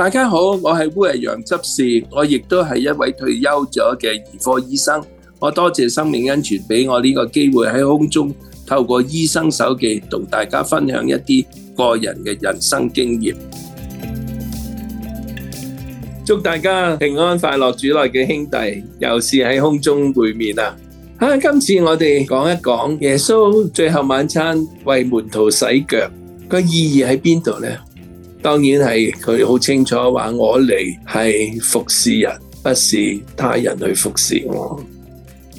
大家好，我係烏羊執事，我亦都係一位退休咗嘅兒科醫生。我多謝生命恩泉俾我呢個機會喺空中透過醫生手記同大家分享一啲個人嘅人生經驗。祝大家平安快樂，主內嘅兄弟，又是喺空中會面啊！啊，今次我哋講一講耶穌最後晚餐為門徒洗腳個意義喺邊度呢？當然係佢好清楚話，我嚟係服侍人，不是他人去服侍我。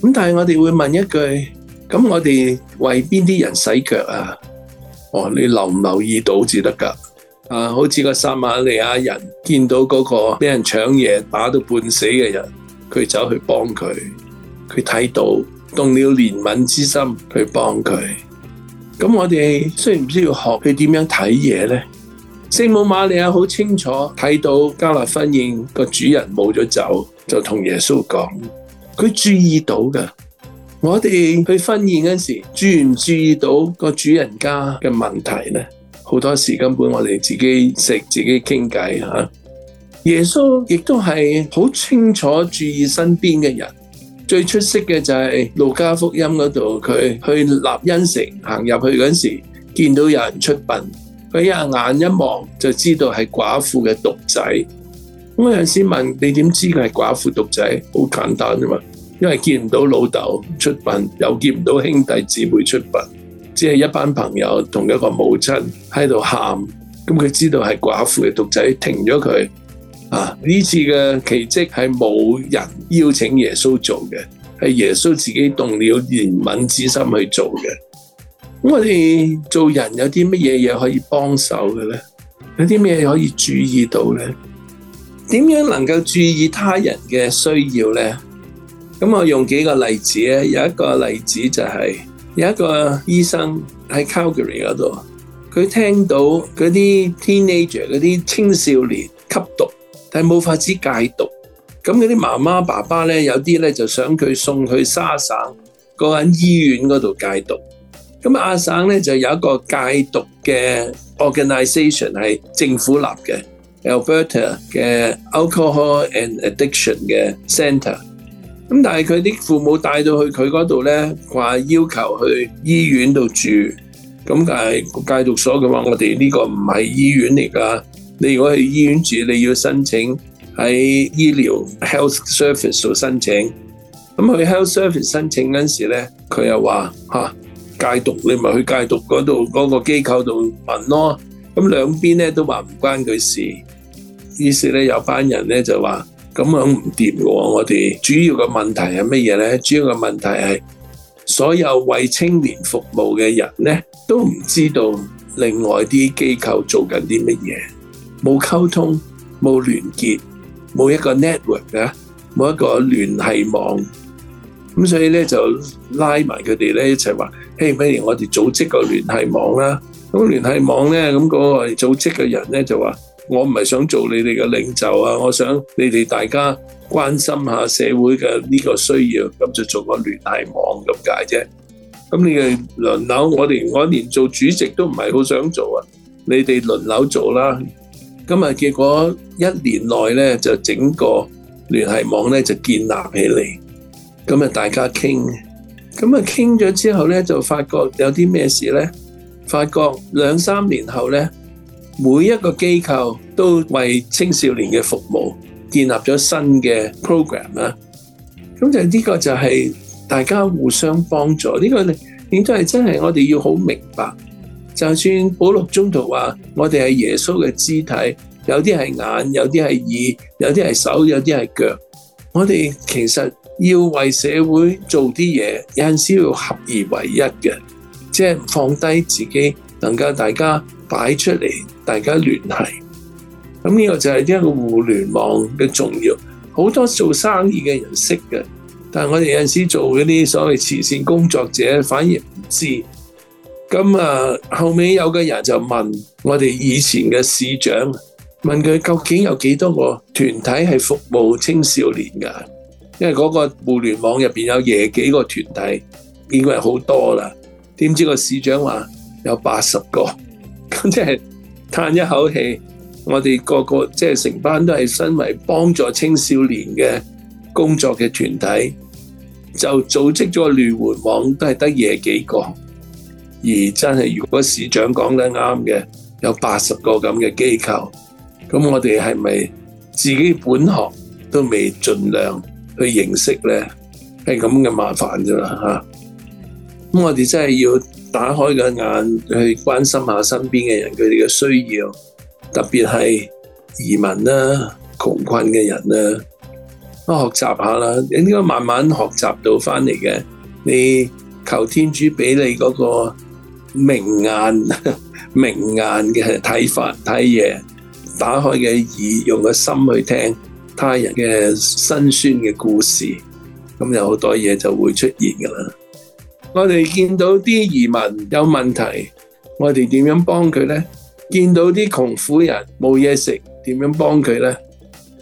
咁但係我哋會問一句：咁我哋為邊啲人洗腳啊？哦，你留唔留意到至得噶？啊，好似個撒瑪利亞人見到嗰個俾人搶嘢打到半死嘅人，佢走去幫佢，佢睇到動了憐憫之心去幫佢。咁我哋雖然唔需要學佢點樣睇嘢咧。聖母瑪利亞好清楚睇到迦拿婚宴個主人冇咗酒，就同耶穌講，佢注意到噶。我哋去婚宴嗰時注唔注意到個主人家嘅問題咧？好多時根本我哋自己食自己傾偈吓。耶穌亦都係好清楚注意身邊嘅人，最出色嘅就係路加福音嗰度，佢去納因城行入去嗰時候，見到有人出殯。佢一眼一望就知道係寡婦嘅獨仔。我有陣時問你，點知佢係寡婦獨仔？好簡單啫嘛，因為見唔到老豆出殯，又見唔到兄弟姊妹出殯，只係一班朋友同一個母親喺度喊，咁佢知道係寡婦嘅獨仔。停咗佢啊！呢次嘅奇蹟係冇人邀請耶穌做嘅，係耶穌自己動了憐憫之心去做嘅。咁我哋做人有啲乜嘢嘢可以幫手嘅咧？有啲咩可以注意到咧？點樣能夠注意他人嘅需要咧？咁我用幾個例子咧，有一個例子就係、是、有一個醫生喺 Calgary 嗰度，佢聽到嗰啲 teenager 嗰啲青少年吸毒，但係冇法子戒毒，咁嗰啲媽媽爸爸咧，有啲咧就想佢送他去沙省嗰間、那個、醫院嗰度戒毒。咁阿省咧就有一個戒毒嘅 organisation 係政府立嘅 Alberta 嘅 Alcohol and Addiction 嘅 Centre。咁但係佢啲父母帶到去佢嗰度咧，話要求去醫院度住。咁但係個戒毒所嘅話，我哋呢個唔係醫院嚟噶。你如果去醫院住，你要申請喺醫療 Health Service 度申請。咁去 Health Service 申請嗰時咧，佢又話吓戒毒，你咪去戒毒嗰度嗰個機構度問咯。咁兩邊咧都話唔關佢事，於是咧有班人咧就話咁樣唔掂嘅。我哋主要嘅問題係乜嘢咧？主要嘅問題係所有為青年服務嘅人咧，都唔知道另外啲機構做緊啲乜嘢，冇溝通，冇聯結，冇一個 network 啊，冇一個聯繫網。咁所以咧就拉埋佢哋咧一齊話。嘿，譬如我哋組織個聯繫網啦，咁聯繫網咧，咁嗰個組織嘅人咧就話：我唔係想做你哋嘅領袖啊，我想你哋大家關心下社會嘅呢個需要，咁就做個聯繫網咁解啫。咁你哋輪流，我哋我連做主席都唔係好想做啊，你哋輪流做啦。咁啊，結果一年內咧就整個聯繫網咧就建立起嚟，咁啊大家傾。咁啊，傾咗之後咧，就發覺有啲咩事咧？發覺兩三年後咧，每一個機構都為青少年嘅服務建立咗新嘅 program 啦。咁就呢個就係大家互相幫助。呢個亦都係真係我哋要好明白。就算保羅中途話我哋係耶穌嘅肢體，有啲係眼，有啲係耳，有啲係手，有啲係腳。我哋其實。要為社會做啲嘢，有陣時要合而為一嘅，即係放低自己，能夠大家擺出嚟，大家聯繫。咁呢個就係一個互聯網嘅重要。好多做生意嘅人識嘅，但係我哋有陣時做嗰啲所謂慈善工作者，反而唔知。咁啊，後尾有個人就問我哋以前嘅市長，問佢究竟有幾多個團體係服務青少年噶？因為嗰個互聯網入邊有廿幾個團體，已經係好多啦。點知個市長話有八十個，咁即係嘆一口氣。我哋個個即係成班都係身為幫助青少年嘅工作嘅團體，就組織咗個互聯網都係得廿幾個。而真係如果市長講得啱嘅，有八十個咁嘅機構，咁我哋係咪自己本行都未盡量？去認識咧，係咁嘅麻煩噶啦吓。咁、啊、我哋真係要打開個眼去關心下身邊嘅人，佢哋嘅需要，特別係移民啦、啊、窮困嘅人啦、啊，多學習下啦。應該慢慢學習到翻嚟嘅。你求天主俾你嗰個明眼、明眼嘅睇法、睇嘢，打開嘅耳，用個心去聽。他人嘅辛酸嘅故事，咁有好多嘢就會出現噶啦。我哋見到啲移民有問題，我哋點樣幫佢呢？見到啲窮苦人冇嘢食，點樣幫佢呢？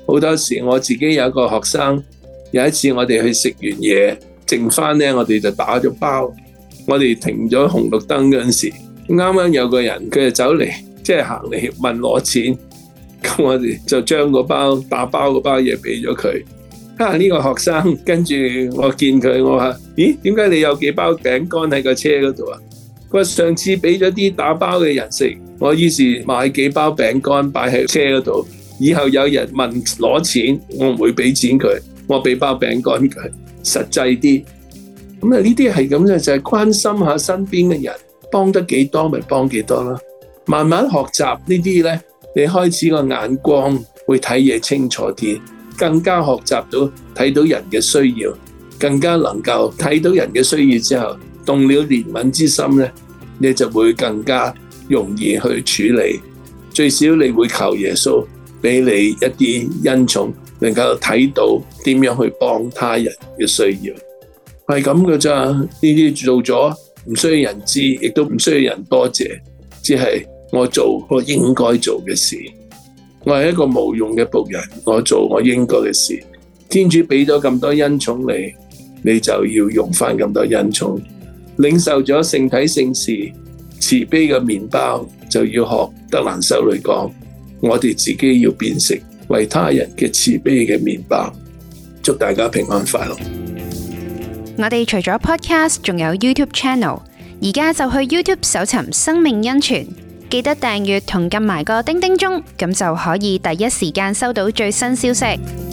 好多時我自己有個學生，有一次我哋去食完嘢，剩翻呢我哋就打咗包。我哋停咗紅綠燈嗰陣時，啱啱有個人，佢就走嚟，即係行嚟問攞錢。咁我哋就將個包打包個包嘢俾咗佢。吓、啊、呢、呢個學生，跟住我見佢，我話：咦，點解你有幾包餅乾喺個車嗰度啊？佢話上次俾咗啲打包嘅人食，我於是買幾包餅乾擺喺車嗰度。以後有人問攞錢，我唔會俾錢佢，我俾包餅乾佢，實際啲。咁、嗯、啊，呢啲係咁嘅，就係關心下身邊嘅人，幫得幾多咪幫幾多啦。慢慢學習呢啲咧。你開始個眼光會睇嘢，清楚啲，更加學習到睇到人嘅需要，更加能夠睇到人嘅需要之後，動了憐憫之心咧，你就會更加容易去處理。最少你會求耶穌俾你一啲恩寵，能夠睇到點樣去幫他人嘅需要，係咁嘅咋？呢啲做咗唔需要人知，亦都唔需要人多謝，只係。我做我應該做嘅事，我係一個無用嘅僕人。我做我應該嘅事，天主俾咗咁多恩寵你，你就要用返咁多恩寵。領受咗聖體聖事慈悲嘅麵包，就要學德蘭修女講：我哋自己要變成為他人嘅慈悲嘅麵包。祝大家平安快樂。我哋除咗 podcast，仲有 YouTube channel，而家就去 YouTube 搜尋生命恩泉。記得訂閱同撳埋個叮叮鐘，咁就可以第一時間收到最新消息。